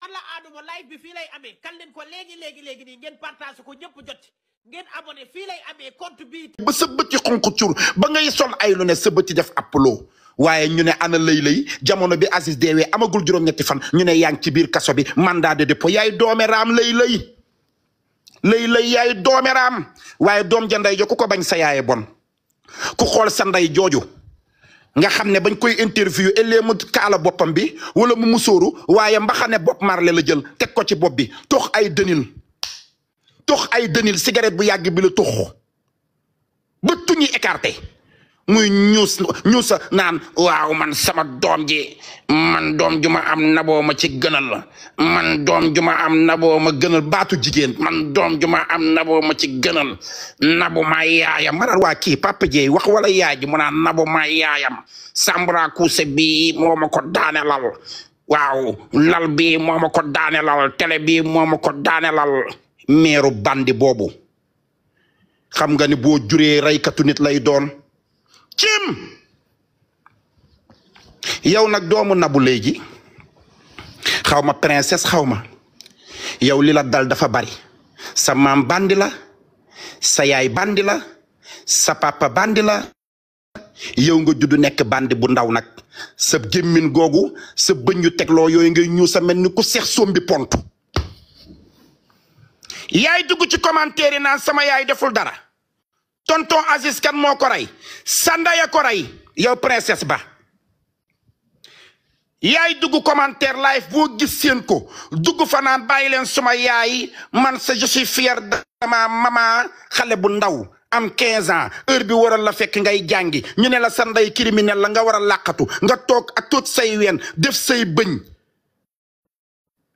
Parla Adamo live bi fii lay amee kan leen ko léegi léegi léegi nii ngeen partage ko ñëpp jot ngeen abonné fii lay amee compte ba sa bët yi xonq ba ngay sol ay lu sa bët yi def applo waaye ñu ne ana lay lay jamono bi Aziz deewee amagul juróom-ñetti fan ñu ne yaa ci biir kaso bi mandat de dépôt yaay doome raam lay lay lay lay yaay doome waaye doom ja ndey ku ko bañ sa yaaye bon ku xool sa ndey jooju nga xam ne bañ koy interview ëllee mu kaala boppam bi wala mu musóoru waaye mbaxane bopp marle la jël teg ko ci bopp bi tox ay dënil tox ay dënil cigarette bu yàgg bi la tox ba tuñi écarté muy ñuus ñuus naan waaw man sama doom ji man doom ju ma am naboo ma ci gënal man doom ju ma am naboo ma gënal baatu jigéen man doom ju ma am naboo ma ci gënal nabu waa kii papa wax wala yaay ji mu naan ma yaayam sambra kuuse bi moo ko daane lal waaw lal bi moo ko daane lal télé bi moo ko daane lal meeru bandi boobu xam nga ni boo juree reykatu nit lay doon cim yow nag doomu nabu léegi xaw ma princesse xaw ma yow li la dal dafa bari sa maam bandi la sa yaay bandi la sa papa bandi la yow nga judd nekk bandi bu ndaw nag sa gémmin googu sa bëñ tegloo yooyu ngay ñuu sa mel ni ku seex sombi pont yaay dugg ci commentaire yi naan sama yaay deful dara tonton Aziz kan moo ko ray sandaya ko rey yow princesse ba yaay dugg commentaire live boo gis seen ko dugg fanaan bàyyi leen suma yaay man sa je suis fier de ma xale bu ndaw am 15 ans heure bi waral la fekk ngay jàngi ñu ne la sa ndey criminel la nga war a làqatu nga toog ak tuut say ween def say bëñ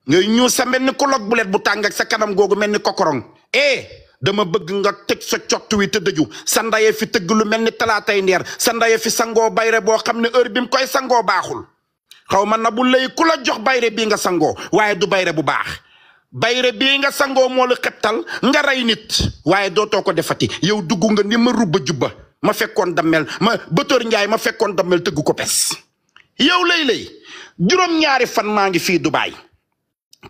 ngay ñuul sa mel ni ku log bulet bu tàng ak sa kanam googu mel ni kokorong eh dama bëgg nga tëj sa cot wi te dëju sa ndaye fi tëgg lu mel ni talaatay ndeer sa ndaye fi sangoo bayre boo xam ne heure bi mu koy sangoo baaxul xaw ma na bu lay ku la jox bayre bii nga sangoo waaye du bayre bu baax bayre bii nga sangoo moo la xettal nga rey nit waaye doo dootoo ko defati yow dugg nga ni ma rubba jubba ma fekkoon dammel ma bëtër njaay ma fekkoon dammel tëgg ko pes yow lay lay juróom-ñaari fan maa ngi fi du Dubaay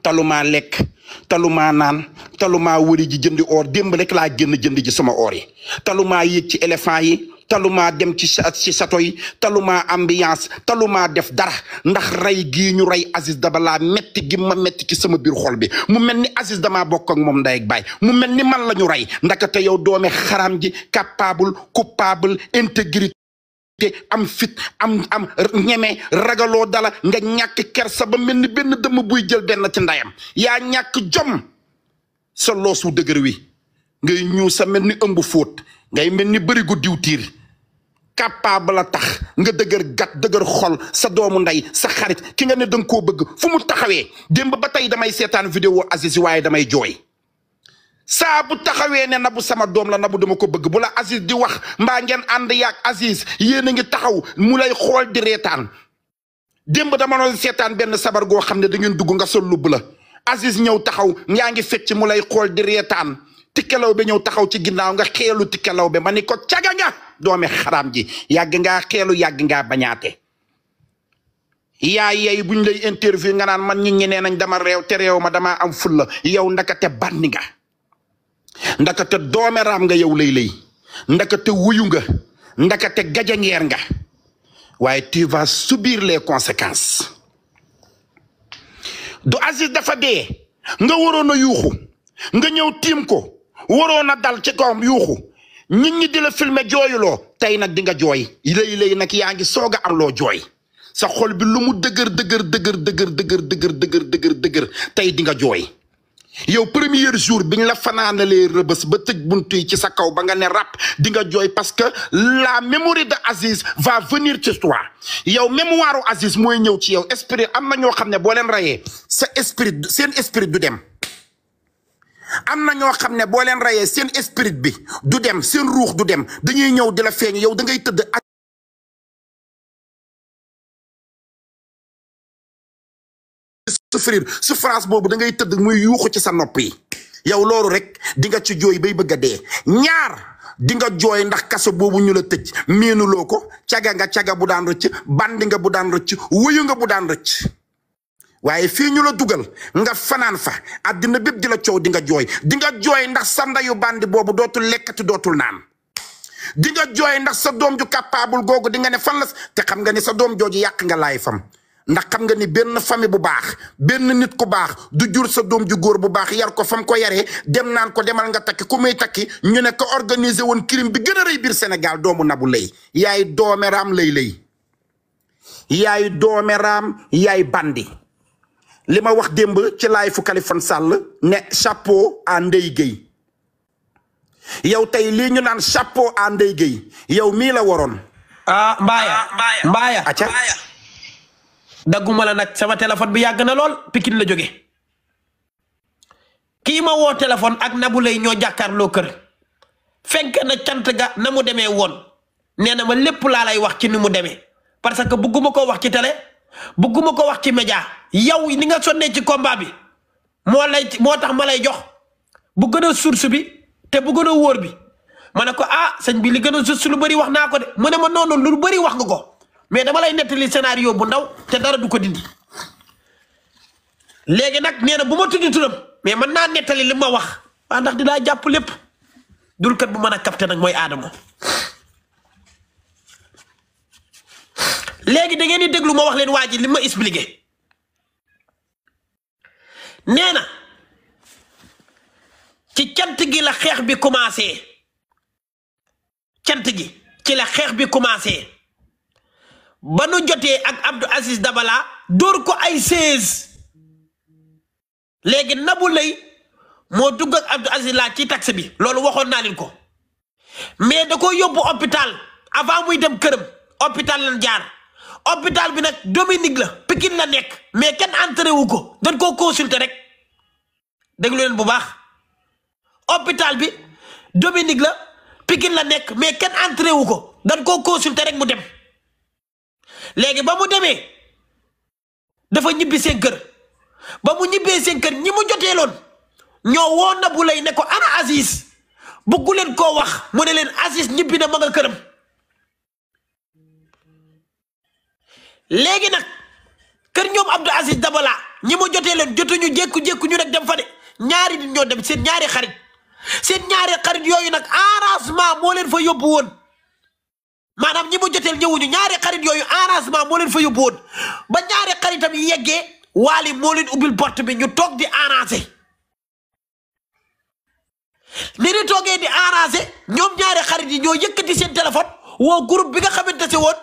taluma lekk taluma naan taluma wëri ji jëndi or démb rek laa génn jënd ji sama or yi taluma yéeg ci éléphant yi taluma dem ci ci sato yi taluma ambiance taluma def dara ndax rey gii ñu rey Aziz bala metti gi ma metti ci sama biir xol bi mu mel ni Aziz damaa bokk ak moom ndey baay mu mel ni man la ñu rey ndaka te yow doome xaram ji capable coupable intégrité am fit am am ñeme ragaloo dala nga ñàkk sa ba mel ni benn dëmm buy jël benn ci ndayam yaa ñàkk jom sa loosu dëgër wi ngay ñëw sa mel ni ëmb fóot ngay mel ni bërigu diwtiir capable la tax nga dëgër gat dëgër xol sa doomu ndey sa xarit ki nga ne danga koo bëgg fu mu taxawee démb ba tey damay seetaan vidéo Aziz waaye damay jooy saa bu taxawee ne nabu sama doom la nabu dama ko bëgg bu la Aziz di wax mbaa ngeen ànd yaag Aziz yéen a ngi taxaw mu lay xool di reetaan démb dama doon seetaan benn sabar goo xam ne da ngeen dugg nga sol bu la Aziz ñëw taxaw yaa ngi fecc mu lay xool di reetaan tikkalaw bi ñëw taxaw ci ginnaaw nga xeelu tikkalaw bi ma ni ko caga nga doomi xaraam ji yàgg ngaa xeelu yàgg ngaa bañaate yaay yaay buñ lay interview nga naan man ñu ñenee nañ dama réew te réew ma damaa am fulla yow ndakate bànni nga ndakate doomeraam nga yow lay-lay ndakate wuyu nga ndakate gajangeer nga waaye tu vas subir lee conséquence du Aziz dafa dee nga waroon yuuxu nga ñëw tiim ko waroon a dal ci kawam yuuxu nit ñi di la filmer jooyuloo tey nag dinga jooy lay lay nag yaa ngi soog a am loo jooy sa xol bi lu mu dëgër dëgër dëgër dëgër tey di jooy yow premier jour biñ la fanaanalee rëbës ba tëj buntu yi ci sa kaw ba nga ne rap di nga jooy parce que la mémoire de Aziz va venir ci toi yow mémoire u Aziz mooy ñëw ci yow esprit am na ñoo xam ne boo leen rayee sa esprit seen esprit du dem am na ñoo xam ne boo leen rayee seen esprit bi du dem seen ruux du dem dañuy ñëw di la feeñ yow da ngay tëdd souffrir france boobu da ngay tëdd muy yuuxu ci sa nopp yi yow loolu rek di nga ci jooy bay bëgg a dee ñaar di nga jooy ndax kaso boobu ñu la tëj miinuloo ko caga nga caga bu daan rëcc bandi nga bu daan rëcc nga bu daan rëcc waaye fii ñu la dugal nga fanaan fa àddina bépp di la coow di nga jooy di nga jooy ndax sa ndayu bandi boobu dootul lekkati dootul naan di nga jooy ndax sa doom ju capable googu di nga ne fan la te xam nga ne sa doom jooju yàq nga laay fam ndax xam nga ni benn famille bu baax benn nit ku baax du jur sa doom ju góor bu baax yar ko fam ko yaree dem naan ko demal nga takki ku muy takki ñu ne ko organiser woon crime bi gën a rëy biir senegal doomu nabu Leye yaay doome raam lay lay yaay doome raam yaay bandi li ma wax démb ci laay fu Kalifone Sall ne chapeau à Ndeye Gueye yow tey li ñu naan chapeau à Ndeye Gueye yow mii la waroon. ah Mbaye ah, Mbaye. dagguma la nag sama téléphone bi yàgg na lool Pikine la jóge kii ma woo téléphone ak Nabou lay ñoo jàkkaarloo kër fenk na cant ga na mu demee woon nee na ma lépp laa lay wax ci ni mu demee parce que bugguma ko wax ci télé bugguma ko wax ci média yow ni nga sonnee ci kombaa bi moo lay moo tax ma lay jox bu gën a source bi te bu gën a wóor bi ma ne ko ah sëñ bi li gën a source lu bari wax naa ko de mu ne ma noonu lu bëri wax nga ko mais dama lay nettali scénario bu ndaw te dara du ko dindi léegi nag nee na bu ma tudd mais man naa nettali li ma wax waa ndax dinaa jàpp lépp dul kat bu mën a capté nag mooy Adamo léegi da ngeen di déglu ma wax leen waa ji li ma expliqué nee na ci cant gi la xeex bi commencé cant gi ci la xeex bi commencé. ba nu jotee ak Abdou Aziz Dabala dóor ko ay seize léegi Nabou Leye moo dugg ak Abdou Aziz laa ci taxi bi loolu waxoon naa leen ko mais da ko yóbbu hôpital avant muy dem këram hôpital lan jaar hôpital bi nag Dominique la pikin la nekk mais kenn entré wu ko dañ koo consulter rek déglu leen bu baax hôpital bi Dominique la Pikine la nekk mais kenn entré wu ko dañ koo consulter rek mu dem léegi ba mu demee dafa ñibbi seen kër ba mu ñibbee seen kër ñi mu joteeloon ñoo woo Nabou Leye ne ko ana Aziz bëggu leen koo wax mu ne leen Aziz ñibbi na ma këram léegi nag kër ñoom Abdou Aziz Dabala ñi mu jotee leen jotuñu jékku-jékku ñu nag dem fa de ñaari nit ñoo dem seen ñaari xarit seen ñaari xarit yooyu nag arrangement moo leen fa yóbbu woon maanaam ñi mu joteel ñu ñaari xarit yooyu arrangement moo leen fa yóbbu woon ba ñaari xaritam yeggee waali moo leen ubbil porte bi ñu toog di arranger ni ñu toogee di arranger ñoom ñaari xarit yi ñoo yëkkati seen téléphone woo groupe bi nga xamante si woon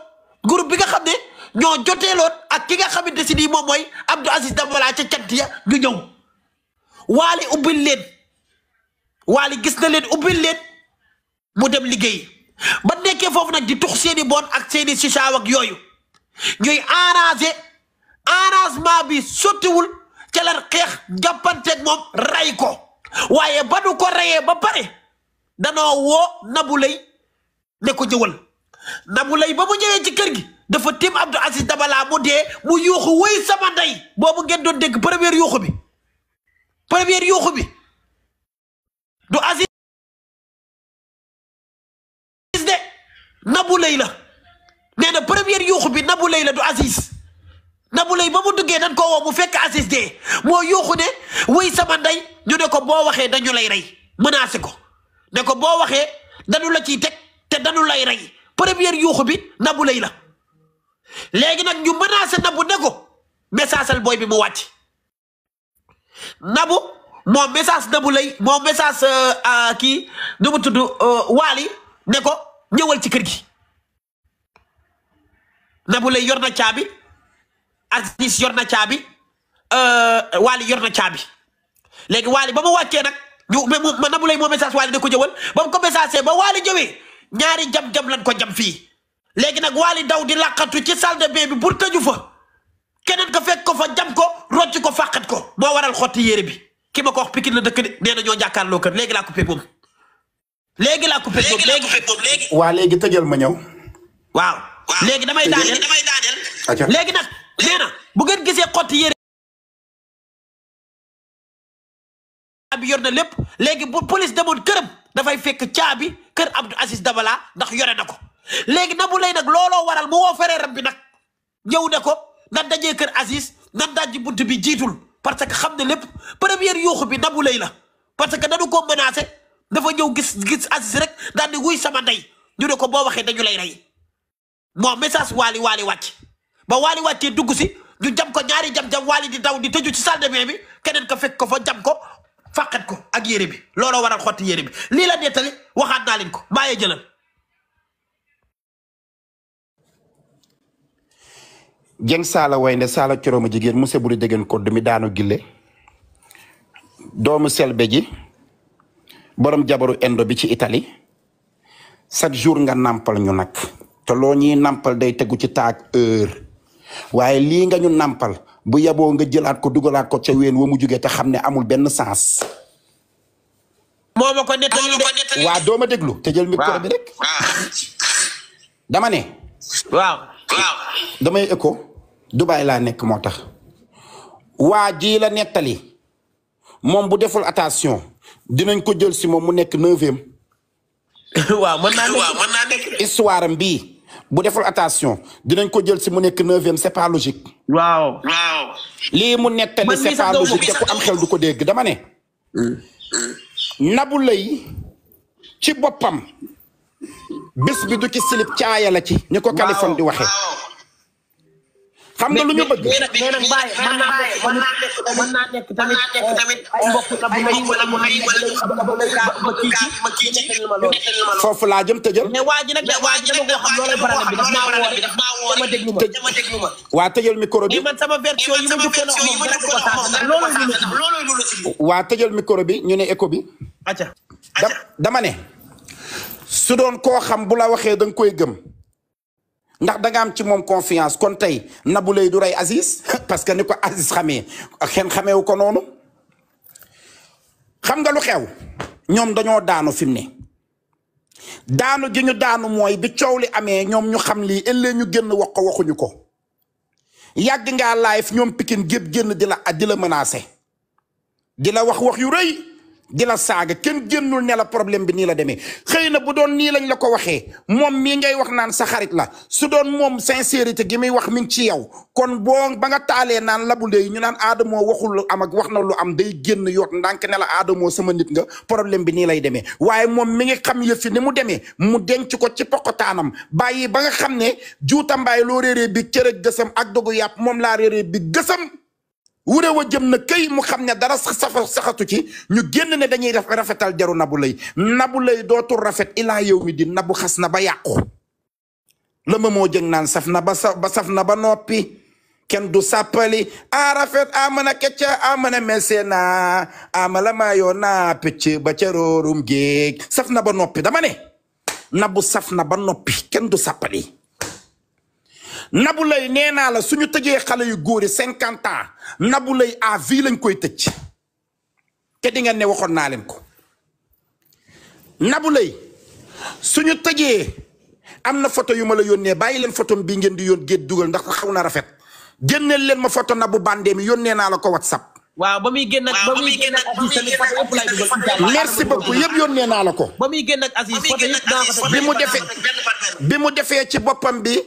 groupe bi xam ne ñoo joteeloon ak ki nga xamante si nii moom mooy Abdou Aziz Dabala ca cant ya ñu ñëw waali ubbil leen waali gis na leen ubbil leen mu dem liggéey ba nekkee foofu nag di tux seeni boot ak seeni sisaaw ak yooyu ñuy arrangé arrangement bi sottiwul ca la xeex jàppanteeg moom rey ko waaye ba nu ko reyee ba pare danoo woo Nabou Leye ne ko jëwal Nabou Leye ba mu ñëwee ci kër gi dafa tim Abdou Aziz Dabala mu dee mu yuuxu wuy sama ndey boobu ngeen doon dégg première yuuxu bi première yuuxu bi du Aziz nabu Leye la nee na première yuuxu bi Nabou Leye la du Aziz Nabou Leye ba mu duggee nan ko woo mu fekk Aziz dee moo yuuxu ne wuy sama ndey ñu ne ko boo waxee dañu lay rey menacé ko ne ko boo waxee dañu la ciy teg te dañu lay rey première yuuxu bi Nabou Leye la léegi nag ñu menacé Nabou ne ko messageal booy bi mu wàcc nabu moom message Nabou Leye moom message euh, kii nu mu tudd euh, Waly ne ko ñëwal ci kër gi Nabou Leye yor na caabi Aziz yor na caabi euh, Waly yor na caabi léegi Waly ba mu wàccee nag ñu ma Nabou Leye moo message Waly ne ko jëwal ba mu ko message ba Waly jëwee ñaari jam-jam lan ko jam fii léegi nag Waly daw di làqatu ci salle de bain bi pour tëju fa keneen ko fekk ko fa jam ko rocc ko fàqat ko moo waral xotti yére bi ki ma ko wax Pikine dëkk de nee na ñoo jàkkaarloo kër léegi laa ko pépam léegi laa coupé boobu léegi waa léegi tëjal ma ñëw. waaw léegi damay daaneel damay léegi nag nee na bu ngeen gisee xotti yére bi yor na lépp léegi bu police demoon këram dafay fekk caabi kër Abdou Aziz Dabala ndax yore na ko léegi na bu lay nag looloo waral mu woo fereeram bi nag ñëw ne ko nan dajee kër Aziz nan dajji bunt bi jiitul parce que xam ne lépp première yuuxu bi na lay la parce que nanu ko menacé. dafa ñëw gis gis Aziz rek daal di wuy sama ndey ñu ne ko boo waxee dañu lay rey moo message waali waali wàcc ba waali wàccee dugg si ñu jam ko ñaari jam-jam waali di daw di tëju ci salle de bain bi keneen ko fekk ko fa jam ko fàqat ko ak yére bi looloo waral xotti yére bi lii la nettali waxaat naa ko maayee jëlal jëng saala waynde saala corooma jigéen mu seburi déggan kodd mi daano gile doomu selbe borom jabaru indo bi ci itali chaque jour nga nàmpal ñu nag te loo ñuy nàmpal day tegu ci taak heure waaye lii nga ñu nàmpal bu yaboo nga jëlaat ko dugalaat ko ca ween wa mu jugee te xam ne amul benn sens. moo ma ko ma déglu te jël micro bi dama ne. waaw waaw. damay Dubaay laa nekk moo tax. waa jii la nettali moom bu deful attention. dinañ ko jël si moom mu nekk neuvième. waaw mën naa naa nekk. histoire am bii bu deful attention dinañ ko jël si mu nekk neuvième c'est pas logique. waaw. waaw. lii mu nettali c'est pas logique te am xel du ko dégg dama ne. Nabou lay ci boppam. bis bi du ci silib caaya la ci. ni ko Kaliphone di waxee. xam nga lu ñu bëgg. mais mais nag bàyyi mën naa nekk mën naa nekk tamit ay mbokk la foofu laa jëm tëjal. mais waa ji nag waa ji nag ko xam loolu problème bi ma dama déglu waa tëjal micro sama version yi ma njëkkoon a moom dama waa tëjal micro bi ñu ne écho bi. acca dama ne. su doon koo xam bu la waxee da nga koy gëm. ndax da am ci moom confiance kon tey nabu lay du rey Aziz parce que ni ko Aziz xamee xen xameewu ko noonu xam nga lu xew ñoom dañoo daanu fi ne daanu gi ñu daanu mooy bi coow li amee ñoom ñu xam li ëllëg ñu génn wax ko waxuñu ko yàgg ngaa live ñoom pikin gépp génn di la di la menacé di wax wax yu rëy di la saaga kenn génnul ne la problème bi nii la demee xëy na bu doon nii lañ la ko waxee moom mii wax naan sa xarit la su doon moom sincérité gi muy wax mi ngi ci yow kon boo ba nga taalee naan labu léegi ñu naan aadamoo waxul lu am wax na lu am day génn yoot ndànk ne la aadamoo sama nit nga problème bi nii lay demee waaye moom mi ngi xam yëf yi ni mu demee mu denc ko ci poqotaanam bàyyi ba nga xam ne juutambaay loo réeree bi cërëg gësam ak dogu yàpp moom laa réeree bi gësam wure wa jëm na këy mu xam ne dara safa saxatu ci ñu génn ne dañuy rafetal deru nabu lay nabu lay dootul rafet ilaa yow mi di nabu xas na ba yàqu la ma moo jëng naan saf na ba saf na ba noppi kenn du sàppali a rafet a mën a kecca a mën na mese naa ama la maayoo naa picc ba ca róorum saf na ba noppi dama ne nabu saf na ba noppi kenn du sàppali Nabou Leye nee naa la suñu tëjee xale yu góor yi cinquante ans Nabou Leye à vie lañ koy tëj te di ngeen ne waxoon naa leen ko Nabou Leye suñu tëjee am na foto yu ma la yónnee bàyyi leen foto bi ngeen di yoon géet dugal ndax xaw na rafet génneel leen ma photo Nabou Bandé mi yónnee naa la ko WhatsApp. waaw ba muy génn ak ba muy génn ak Aziz tamit photo yónnee naa la ko. ba muy génn ak Aziz photo yëpp naa ko bi mu defee bi mu defee ci boppam bi.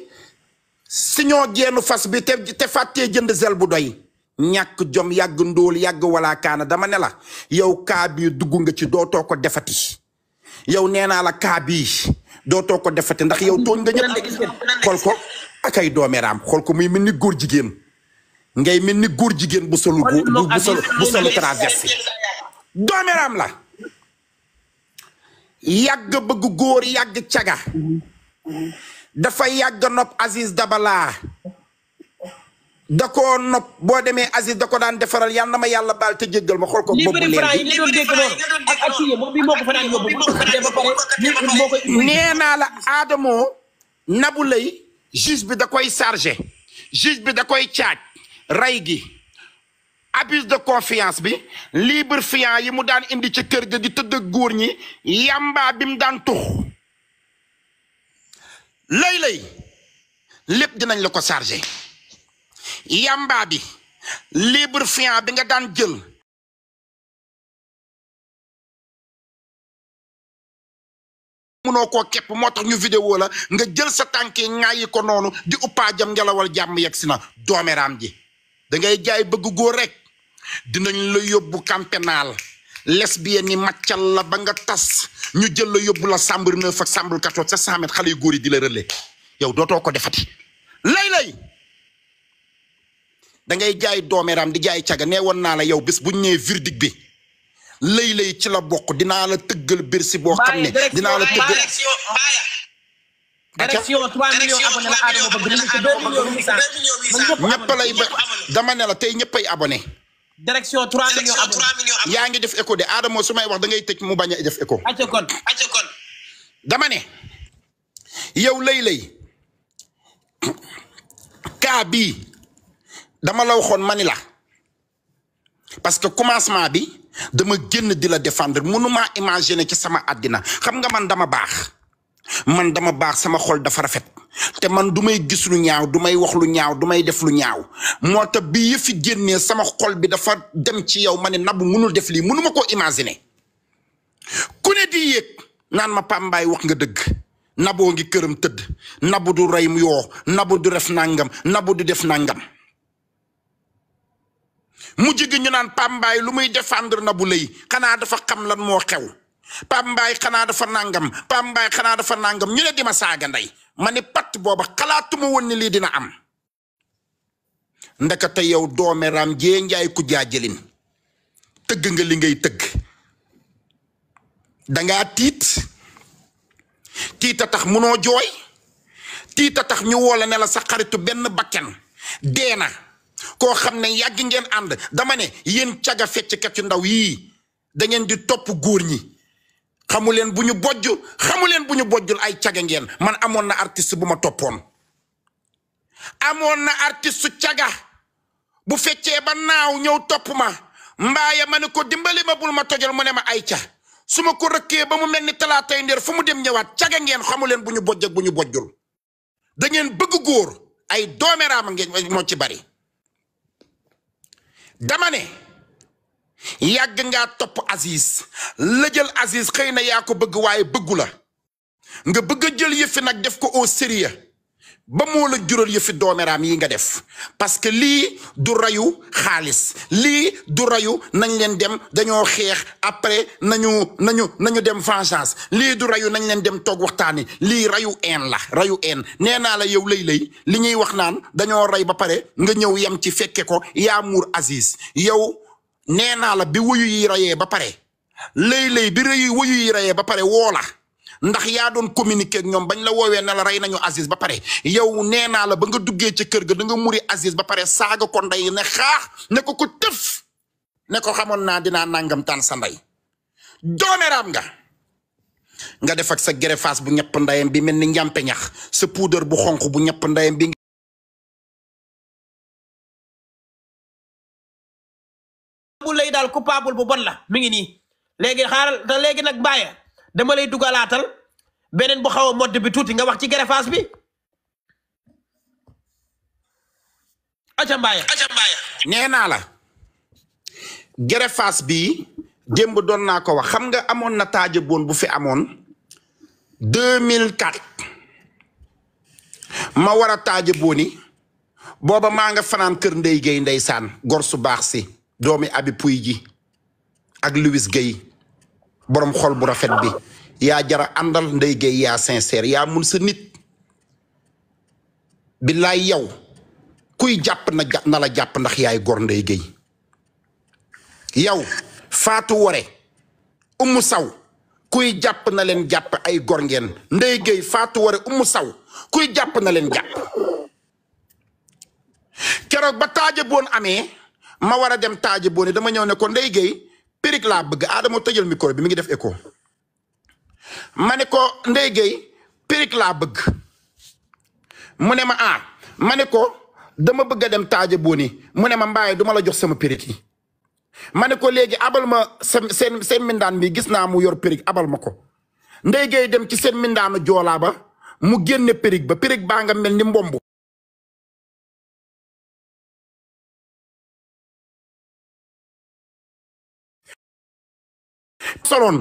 si ñoo geenu fas bi te te fàttee jënd zel bu doy ñàkk jom yàgg ndóol yàgg wala kaana dama ne la yow kaa bii dugg nga ci dootoo ko defati yow nee naa la kaa bii dootoo ko defati ndax yow tooñ nga ñëpp xool ko akay ay doomeraam xool ko muy mel ni góor jigéen ngay mel ni góor jigéen bu solu bu solu bu solu traversé la yàgg bëgg góor yàgg caga mm-hmm. Mm-hmm. dafa yàgg nopp Aziz Dabala da koo nopp boo demee Aziz da ko daan defaral yàlla na ma yàlla baal te jéggal ma xool ko. boobu leen lii doon dégg noonu ak ak kii moom bii moo ko fa daan yóbbu moo naa la Adamo Nabou Leye bi da koy chargé juge bi da koy caaj rey gi abus de confiance bi libre fiant yi mu daan indi ci kër ga di tëdd góor ñi yamba bi mu daan tux. lay lay lépp dinañ la ko chargé yamba bi lubrifiant bi nga daan jël munoo ko képp moo tax ñu videola nga jël sa tànk yi ko noonu di uppaa ngelawal jàmm yegg si na doomeraam ji dangay jaay bëgg góor rek dinañ la yóbbu campenaal lesbienne yi màccal la ba nga tas ñu jël la yóbbu la chambre neuf ak chambre quatorze sa cent xale yu góor yi di la relais yow dootoo ko defati lay lay da jaay doomeeraam di jaay caga nee woon naa la yow bis bu ñu nee verdict bi lay lay ci la bokk dinaa la tëggal birsi boo xam ne dinaa la tëggal direction la Adama ñëpp lay ba dama ne la tey ñëppay abonné direction 3 millions yaa ngi def écho de Adamo su may wax da ngay tëj mu bañ a def écho. acca kon acca kon. dama ne yow lay-lay cas bi dama la waxoon mani la parce que commencement bi dama génn di la défendre ma imaginer ci sama àddina xam nga man dama baax. man dama baax sama xol dafa rafet te man du may gis lu ñaaw du may wax lu ñaaw du may def lu ñaaw moo tax bi yëfi génne sama xol bi dafa dem ci yow ma ne nabu munul def lii mënuma koo imaginer ku ne di yéeg naan ma pambaay wax nga dëgg naboo ngi këram tëdd nabu du rey yoo nabu du def nangam nabu du def nangam mu gi ñu naan pambaay lu muy défendre nabu lay xanaa dafa xam lan moo xew Pape Mbaye xanaa dafa nangam Pape Mbaye xanaa dafa nangam ñu ne di ma saaga ndey ma ne pat booba xalaatuma woon ni lii dina am ndekete yow doomeram jee njaay ku jaajëlin tëgg nga li ngay tëgg dangaa tiit tiita tax munoo jooy tiita tax ñu woola ne la sa xaritu benn bakken dee na koo xam ne yàgg ngeen ànd dama ne yéen caga fecckat yu ndaw yii dangeen di topp góor ñi xamu leen bu ñu bojj xamu leen bu ñu bojjul ay caga ngeen man amoon na artist bu ma toppoon amoon na artist caga bu feccee ba naaw ñëw topp ma mbaaya ma ne ko dimbali ma bul ma tojal mu ne ma ay ca su ma ko rëkkee ba mu mel ni talaatay ndeer fu mu dem ñëwaat caga ngeen xamu leen bu ñu bojj bu ñu bojjul da bëgg góor ay doomeraam ngeen moo ci bari dama yàgg ngaa topp Aziz la jël Aziz xëy na yaa ko bëgg waaye bëggu la nga bëgg a jël yëfi nag def ko o sérieux ba moo la jural yëfi doomeraam yi nga def parce que lii du rayu xaalis lii du rayu nañ leen dem dañoo xeex après nañu nañu nañu dem vengeance li du rayu nañ leen dem toog waxtaani lii rayu een la rayu een nee naa la yow lay lay li ñuy wax naan dañoo rey ba pare nga ñëw yem ci fekke ko yaa muur Aziz yow nee naa la bi wuyu yi rayee ba pare léeg-léeg bi rëy wuyu yi rayee ba pare woo la ndax yaa doon communiquer ak ñoom bañ la woowee ne la rey nañu Aziz ba pare yow nee naa la ba nga duggee ci kër ga da muri Aziz ba pare saaga ko ndey ne xaax ne ko ko tëf ne ko xamoon naa dinaa nangam taan sa ndey doomeeraam nga nga def sa gerefaas bu ñepp ndayam bi mel ni njàmpe ñax sa puudar bu xonq bu ñepp ndayam bi Sénégal coupable bu bon la mu ngi nii léegi xaaral te léegi nag bàyyi dama lay dugalaatal beneen bu xaw a modd bi tuuti nga wax ci greffage bi. aca mbaaya aca naa la greffage bi démb doon naa ko wax xam nga amoon na taaja boon bu fi amoon 2004 ma war a taaja booni booba maa nga fanaan kër ndey gay ndeysaan gor su baax si doomi abi puy ji ak liwis Guèye borom xol bu rafet bi yaa jara àndal ndey Guèye yaa sincère yaa mun sa nit billaay yow kuy jàpp na nala jàpp ndax yaay gor ndey Guèye yow Faatu Wore Umu Saw kuy jàpp na leen jàpp ay gor ngeen ndey Guèye Faatu Wore Umu Saw kuy jàpp na leen jàpp keroog ba taaje boon amee ma war a dem taaje boo dama ñëw ne ko Ndeye Gueye périg laa bëgg Adama tëjal micro bi mu ngi def écho ma ne ko Ndeye Gueye laa bëgg mu ne ma ah ma ne ko dama bëgg a dem taaje boo ne mu ne ma mbaaye duma la jox sama périg yi ma ne ko léegi abal ma seen seen mindaan bi gis naa mu yor périg abal ma ko Ndeye Gueye dem ci seen mindaanu joolaa ba mu génne périg ba périg baa nga mel ni mbomb soloon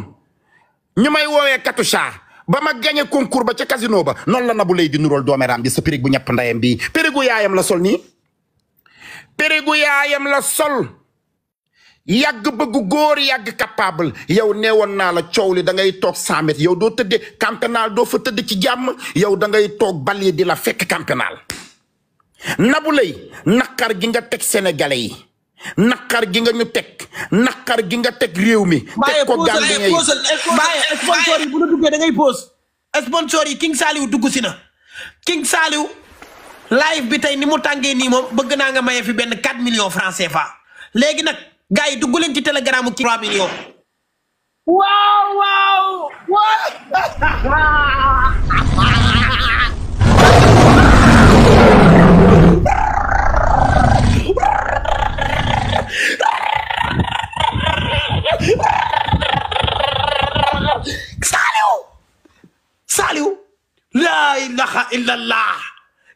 ñu may woowee Katusha ba ma gagné concours ba ca kasino ba noonu la Nabou Leye di nurool doomeram bi sa périg bu ñepp ndayam bi périgu yaayam la sol nii périgu yaayam la sol yàgg bëgg góor yàgg capable yow neewoon naa la coow li da ngay toog 100 mètres yow doo tëddee campenal doo fa tëdd ci jàmm yow da ngay toog bal yi di la fekk campenal nabu Leye naqar gi nga teg sénégalais yi naqar gi nga ñu teg naqar gi nga teg réew mi. teg ko gàllankoor yi sponsor yi bu la duggee da ngay pause. sponsor yi King saaliw dugg si na King Saliou live bi tey ni mu tàngee nii moom bëgg naa nga maye fi benn 4 millions francs CFA léegi nag gars yi dugg leen ci telegram ki 3 millions. waaw waaw. saaliw saaliw laa ilaha illallah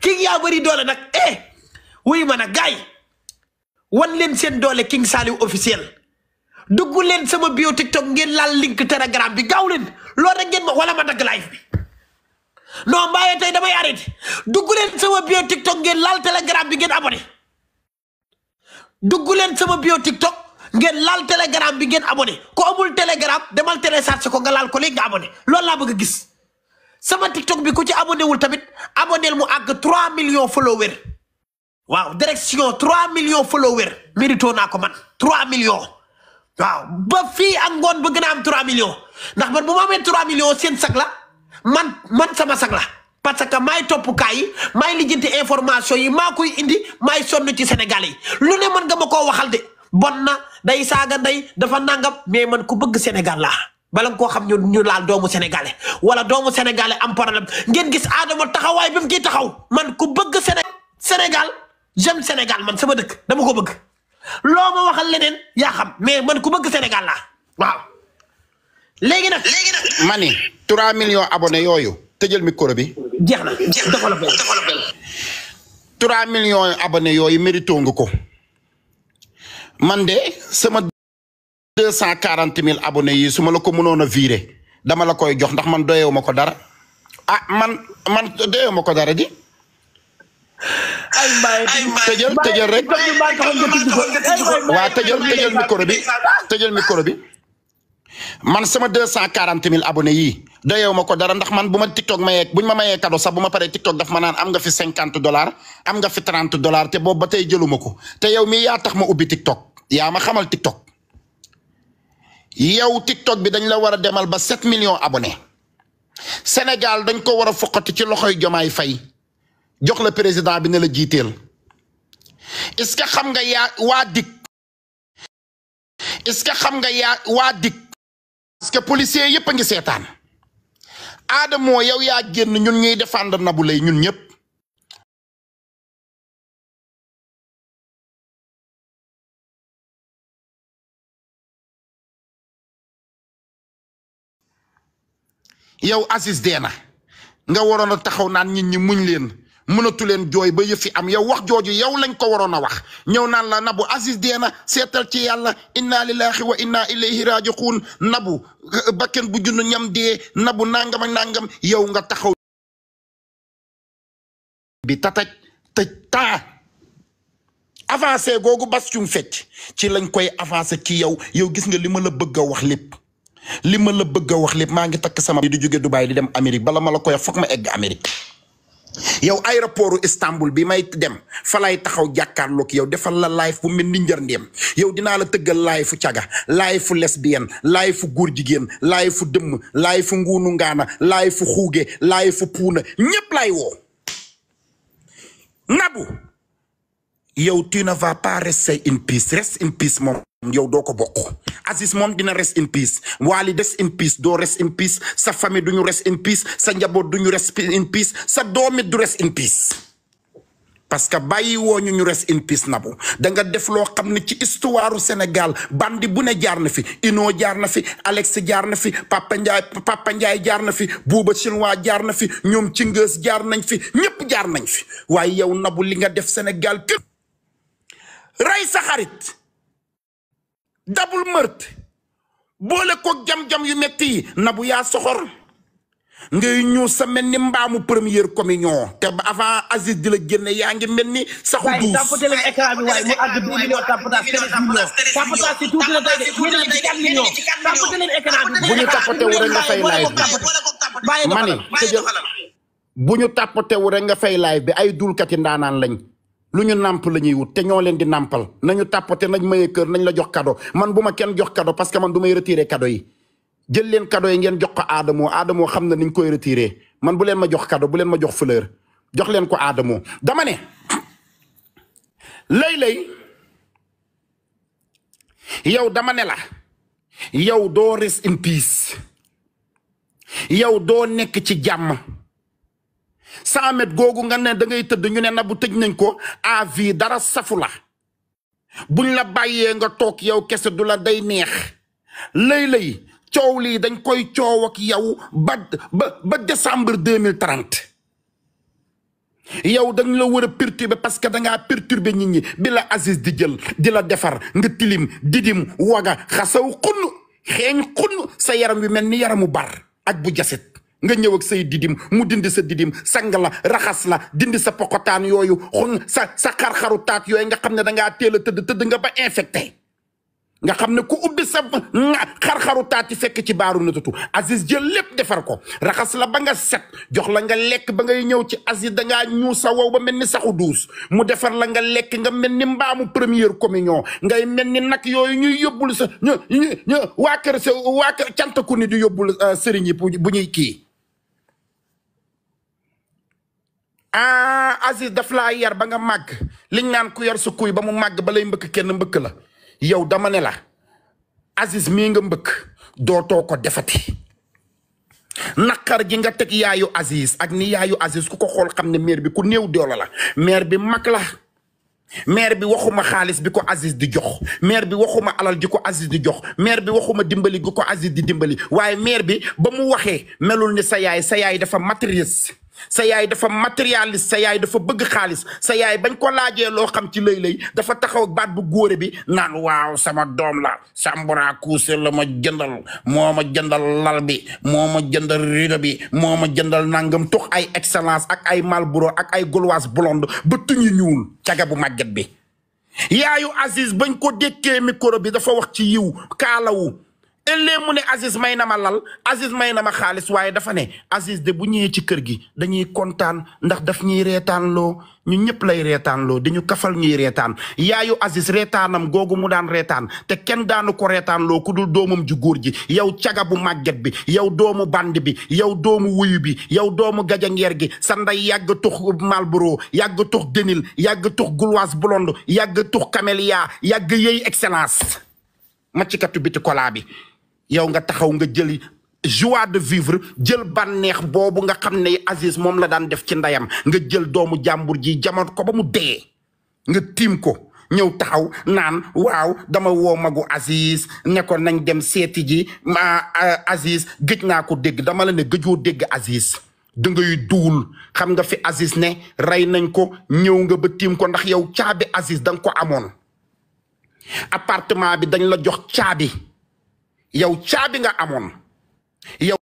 king yaa bëri doole nag eh wuyu ma nag gaay wan leen seen doole king saaliw officiel dugg leen sama bio tiktok ngeen laal link telegram bi gaaw leen loolu rek ma wala ma dagg live bi non mbaaye tey damay arrêté dugg leen sama bio ngeen laal telegram bi ngeen abonné dugg leen sama bio tiktok ngeen laal telegram bi ngeen abonné ko amul telegram demal télécharge ko nga laal ko léegi nga abonné lool laa bëgg gis sama tiktok bi ku ci abonné wul tamit abonnéel mu àgg 3 millions followers waaw direction 3 millions followers mérito naa ko man 3 millions. waaw ba fii ak ngoon bëgg naa am 3 millions ndax man bu ma amee 3 millions seen sag la man man sama sag la parce que maay toppukaay yi maay lijjanti information yi maa koy indi maay son ci Sénégal lu ne mën nga ma koo waxal de. bon na day saaga ndey dafa nangam mais man ku bëgg Sénégal la bala nga koo xam ñu ñu laal doomu sénégalais wala doomu sénégalais am problème ngeen gis Adama taxawaay bi mu ciy taxaw man ku bëgg Séné Sénégal j'aime Sénégal man sama dëkk dama ko bëgg loo ma waxal leneen yaa xam mais man ku bëgg Sénégal laa waaw léegi nag. léegi nag ma ni 3 millions abonnés yooyu tëjal micro bi. jeex na jeex dafa millions abonnés yooyu mérito nga ko. man de sama deux cent quarante mille abonnés yii suma la ko mënoon a dama la koy jox ndax man doyewu ma ko dara ah man man doyewu ma ko dara di. ay mbaay tëjël rek waa tëjël tëjël micro bi tëjël micro bi man sama deux cent quarante mille abonnés yii doyew ko dara ndax man bu ma TikTok mayee buñ ma mayee kado sax bu ma paree TikTok daf ma naan am nga fi cinquante dollars am nga fi trente dollars te boobu ba tey jëlu ko te yow mii yaa tax ma ubbi TikTok yaa ma xamal TikTok yow TikTok bi dañ la war a demal ba sept million abone Sénégal dañ ko war a foqati ci loxoy Jomaay Fay jox la président bi ne la jiiteel est-ce que xam nga yaa waa dik est-ce que xam nga waa dik parce que policier yépp a ngi seetaan Adamo yow yaa génn ñun ñuy défendre Nabou Leye ñun ñëpp. yow Aziz deena nga waroon taxaw naan nit ñi muñ leen. mënatu leen jooy ba yëfi am yow wax jooju yow lañ ko waroon a wax ñëw na la nabu Aziz deena seetal ci yàlla inna lillahi wa inna ilayhi rajiqun nabu bakken bu junn ñam dee nabu nangam ak nangam yow nga taxaw bi tataj tëj taa avancé googu bas cum fecc ci lañ koy avancé ci yow yow gis nga li ma la bëgg a wax lépp li ma la bëgg a wax lépp maa ngi takk sama di jóge Dubaay di dem Amérique bala ma la koy wax foog ma egg Amérique yow aéroportu Istanbul bi may dem fa lay taxaw jàkkaarloog yow defal la live bu mel ni njërndeem yow dinaa la tëggal live fu caga lay fu lesbienne lay fu góor jigéen lay fu dëmm lay fu nguunu ngaana lay fu xuuge lay fu puuna ñépp lay woo nabu yow tu ne vas pas rester in peace reste in peace moom yow doo ko bokk Aziz moom dina rest in peace Wally des in peace doo rest in peace sa famille duñu rest in peace sa njaboot duñu rest in peace sa doomit du res in peace parce que bàyyi woo ñu ñu res in peace nabu da nga def loo xam ne ci histoire Sénégal bandi bu ne jaar na fi Inoo jaar na fi Alex jaar na fi Papa jaar na fi Buuba Chinois jaar na fi ñoom ci ngës jaar nañ fi ñépp jaar nañ fi waaye yow nabu li nga def Sénégal kër rey sa xarit dabul meurtre boole ko jam-jam yu metti yi nabu yaa soxor ngay ñëw sa mel ni mbaamu première communion te ba avant Aziz di la génne yaa ngi mel ni saxu duus tapoté leen écran waaye mu àgg a ngi ci quatre millions nga fay live bi mani bu ñu tapoté wu nga fay live bi ay dulkati ndaanaan lañ lu ñu nàmp la ñuy wut te ñoo leen di nàmpal nañu tàppate nañ maye kër nañ la jox kado man bu ma kenn jox kado parce que man du may retiré kado yi jël leen kado yi ngeen jox ko aadamoo aadamoo xam na niñ koy retiré man bu leen ma jox kado bu leen ma jox fleur jox leen ko aadamoo dama ne lay-lay yow dama ne la yow doo rest in peace yow doo nekk ci jàmm cent mètres googu nga ne da ngay tëdd ñu ne na bu tëj nañ ko à vie dara safu la buñ la bàyyee nga toog yow kese du la day neex lëy-lëy coow lii dañ koy coow ak yow ba ba ba décembre deux yow dañ la war a perturber parce que dangaa perturber nit ñi bi la Aziz di jël di la defar nga tilim didim waga xasaw xunn xeeñ xunn sa yaram wi mel ni yaramu bar ak bu jasit nga ñëw ak say didim mu dindi sa didim sang la raxas la dindi sa pokotaan yooyu sa sa xar-xaru taat yooyu nga xam ne dangaa teel a tëdd tëdd nga ba infecté nga xam ne ku ubbi sa xarxaru xaru taat yi fekk ci baaru natatu Aziz jël lépp defar ko raxas la ba nga set jox la nga lekk ba ngay ñëw ci Aziz dangaa ñuu sa wow ba mel ni saxu duus mu defar la nga lekk nga mel ni mbaamu première communion ngay mel ni nag yooyu ñuy yóbbul sa ñu ñu waa kër sa waa kër cant ku ni di yóbbul euh, sëriñ bu ñuy kii ah Aziz daf laa yar ba nga màgg liñ naan ku yar sa kuy ba mu màgg ba lay mbëkk kenn mbëkk la yow dama ne la Aziz mii nga mbëkk dootoo ko defati naqar ji nga teg yaayu Aziz ak ni yaayu Aziz ku ko xool xam ne maire bi ku néew doole la maire bi mag la maire bi waxuma xaalis bi ko Aziz di jox maire bi waxuma alal ji ko Aziz di jox maire bi waxuma dimbali gi ko Aziz di dimbali waaye maire bi ba mu waxee melul ni sa yaay sa yaay dafa matrice sa yaay dafa matérialiste sa yaay dafa bëgg xaalis sa yaay bañ ko laajee loo xam ci lëy-lëy dafa taxaw baat bu góore bi naan waaw sama doom la sambura kuuse la ma jëndal moo ma lal bi mooma ma jëndal bi moo ma jëndal nangam tox ay excellence ak ay Marlboro ak ay Gauloise blonde ba tuñu ñuul caga bu màgget bi yaayu Aziz bañ ko dékkee micro bi dafa wax ci yiw kaalawu ëllëg mu ne Aziz may na ma lal Aziz may na ma xaalis waaye dafa ne Aziz de bu ñëwee ci kër gi dañuy kontaan ndax daf ñuy reetaanloo ñu ñëpp lay reetaanloo di ñu kafal ñuy reetaan yaayu Aziz reetaanam googu mu daan reetaan te kenn daanu ko reetaanloo ku dul doomum ju góor ji yow caga bu màgget bi yow doomu band bi yow doomu wuyu bi yow doomu gajangeer gi sa nday yàgg tux Marlboro yàgg tux denil yàgg tux Gauloise blonde yàgg tux Camélia yàgg yëy excellence biti kolaa bi yow nga taxaw nga jëli joie de vivre jël banneex boobu nga xam ne Aziz moom la daan def ci ndeyam nga jël doomu jàmbur ji jamono ko ba mu dee nga tiim ko ñëw taxaw naan waaw dama woo magu Aziz ne ko nañ dem seeti ji ma euh, Aziz gëj naa ko dégg dama la ne gëjoo dégg Aziz da ngay duwul xam nga fi Aziz ne rey nañ ko ñëw nga ba tiim ko ndax yow caabi Aziz da nga ko amoon appartement bi dañ la jox caabi. yow caabi nga amoon yow.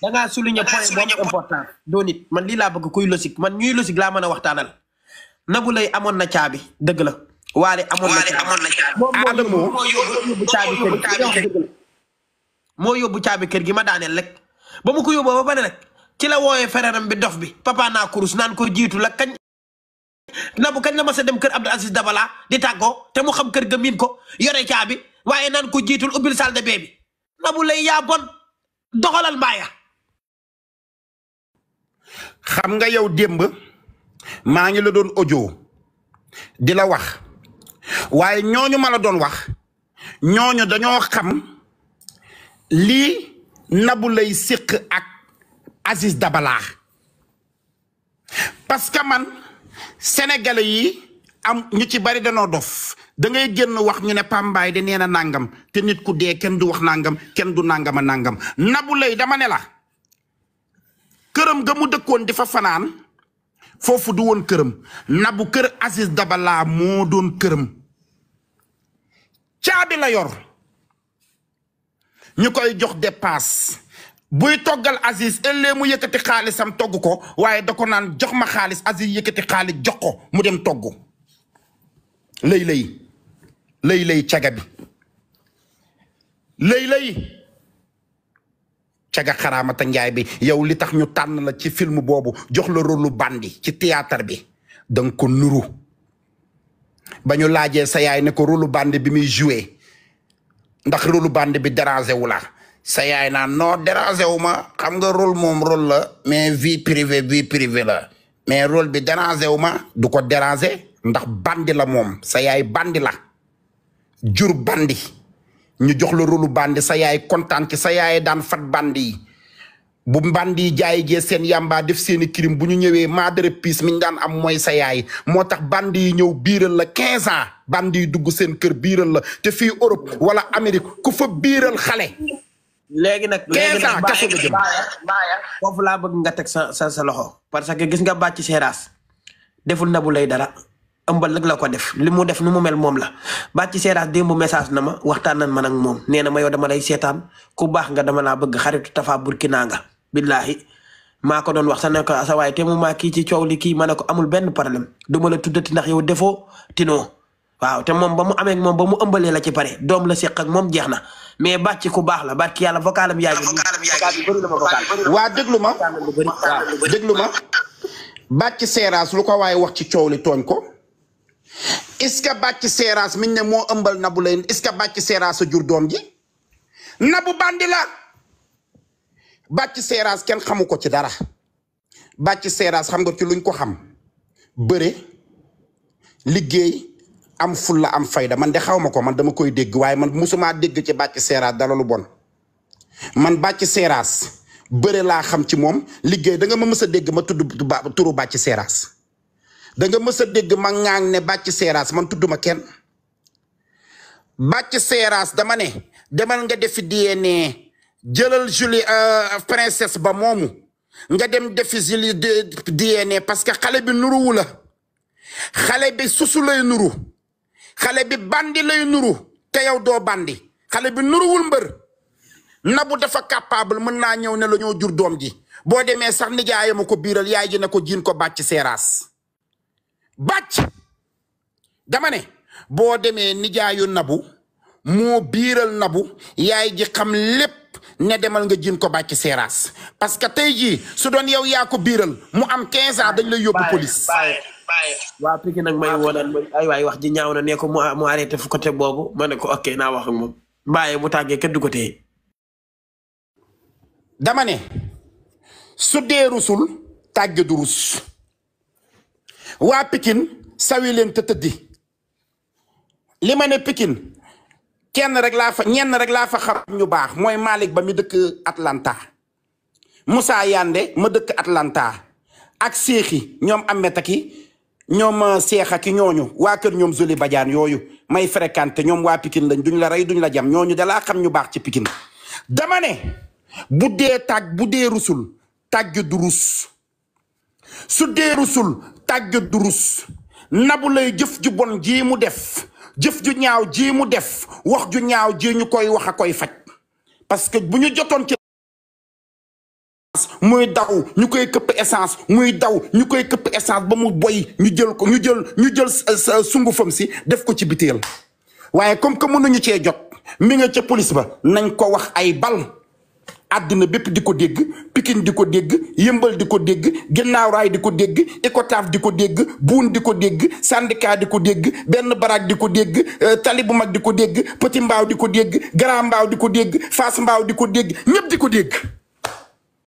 da ngaa souligner point boobu important doo man lii laa bëgg kuy logique man ñuy logique laa mën a waxtaanal Nabou Leye amoon na caabi dëgg la. waale amoon na caabi moom moo yóbbu caabi kër gi ma daaneel rek ba mu ko yóbboo ba pare rek ci la wooyee fereeram bi dof bi papa naa kurus naan ko jiitu la kañ nabu kañ la mas a dem kër Abdou Aziz Dabala di tàggoo te mu xam kër ga miin ko yore caabi waaye naan ko jiitul ubbil salle de bain bi nabu lay yaa bon doxalal mbaaya xam nga yow démb maa ngi la doon audio di la wax waaye ñooñu ma doon wax ñooñu dañoo xam lii nabu lay séq ak Aziz Dabala parce man sénégalais yi am ñu ci bari danoo dof dangay ngay génn wax ñu ne pambaay de neena nangam te nit ku dee kenn du wax nangam kenn du nangama nàngam nabu lay dama ne la këram ga mu dëkkoon di fa fanaan foofu du woon këram nabu kër Aziz Dabala moo doon këram caabi la yor ñu koy jox dépasse buy toggal Aziz ëllëg mu yëkkati xaalisam togg ko waaye da ko naan jox ma xaalis Aziz yëkkati xaalis jox ko mu dem togg lëy lëy lëy lëy caga bi lëy lëy caga xaraamata njaay bi yow li tax ñu tànn la ci film boobu jox la rôle lu bandi ci théâtre bi danga ko nuru ba ñu laajee sa yaay ne ko rôle lu bi muy joué ndax rôle lu bi dérangé wu sa yaay naan noo dérangé wu ma xam nga rôle moom rôle la mais vie privée vie privée la mais rôle bi dérangé wu ma du ko dérangé ndax bandi la moom sa yaay bandi la jur bandi ñu jox la rôle bandi sa yaay kontaan ci sa yaay daan fat bandi bu bandi yi jaay jee seen yamba def seeni i bu ñu ñëwee madre piis min daan am mooy sa yaay moo tax bandi yi ñëw biiral la 15 ans bandi yi dugg seen kër biiral la te fii Europe wala Amérique ku fa biiral xale. léegi nag léegi nag foofu laa bëgg nga teg sa sa sa loxo parce que gis nga bàcc seeraas deful na bu lay dara ëmbal nag la ko def li mu def nu mu mel moom la bàcc seeraas démb message na ma waxtaan nan man ak moom nee na ma yow dama lay seetaan ku baax nga dama laa bëgg xaritu Tafa Burkina nga billaahi maa ko doon wax sa ne ko sa waaye te mu maa kii ci coow li kii ma ne ko amul benn problème duma la tuddati ndax yow defoo tinoo waaw te moom ba mu amee ak moom ba mu ëmbalee la ci pare doom la seq ak moom jeex na mais bàcc ku baax la barki yàlla vocalam yaa ngi nii bëri na ma vocal. waa déglu ma waaw déglu ma. bàcc seeraas lu ko waaye wax ci coow li tooñ ko est-ce que bàcc seeraas miñ ne moo ëmbal nabu leen est-ce que bàcc seeraas a jur doom ji nabu bandi la bàcc seeraas kenn xamu ko ci dara bàcc seeraas xam nga ci luñ ko xam bëre liggéey. am fulla am fayda man de xaw ma ko man dama koy dégg waaye man mosumaa dégg ci bàcc seeraas dara lu bon man bàcc seeraas bëre laa xam ci moom liggéey da nga ma mës a dégg ma tudd ba turu bàcc seeraas da nga mës a dégg ma ŋaaŋ ne bàcc seeraas man tudduma kenn bàcc seeraas dama ne demal nga defi DNA jëlal Julie euh, princesse ba moomu nga dem defi Julie DNA parce que xale bi nuruwu la xale bi susu lay xale bi bandi lay nuru te yow doo bandi xale bi nuruwul mbër nabu dafa capable mën naa ñëw ne la jur doom ji boo demee sax nijaayama ko biiral yaay ji ne ko jiin ko bàcc seeraas bàcc dama ne boo demee nijaayu nabu moo biiral nabu yaay ji xam lépp ne demal nga jiin ko bàcc seeraas parce que tey jii su doon yow yaa ko biiral mu am 15 ans dañ lay yóbbu police waa Pikine nag may wax ji ñaaw na ko mu mu arrêté boobu ma ne ko ok naa wax ak moom Mbaye tàggee kenn du ko téye. dama ne rusul tàgge du rus waa Pikine sawi leen te tëddi li ma ne Pikine kenn rek laa fa ñenn rek laa fa xam ñu baax mooy Malick ba mu dëkk Atlanta Moussa Yande ma dëkk Atlanta ak Seexi ñoom am metaki ñoom ah, seex ak ñooñu waa kër ñoom Zoli yooyu may fréquenté ñoom waa Pikine lañ duñ la rey duñ la jam ñooñu dalaa xam ñu baax ci Pikine dama ne bu dee tàgg bu dee rusul tàgg du rus su dee rusul tàgg du rus nabu lay jëf ju bon ji mu def jëf ju ñaaw ji mu def wax ju ñaaw ji koy wax a koy faj parce que bu ñu jotoon ci essence muy daw ñu koy këpp essence muy daw ñu koy këpp essence ba mu boy ñu jël ko ñu jël ñu jël sungu fam si def ko ci biteel waaye comme que mënuñu cee jot mi nga ca police ba nañ ko wax ay bal àdduna bépp di ko dégg Pikine di ko dégg yëmbal di ko dégg ginnaaw di ko dégg Icotaf di ko dégg buun di ko dégg syndicat di ko dégg benn baraag di ko dégg tali bu mag di ko dégg petit mbaaw di ko dégg grand mbaaw di ko dégg faas mbaaw di ko dégg ñëpp di ko dégg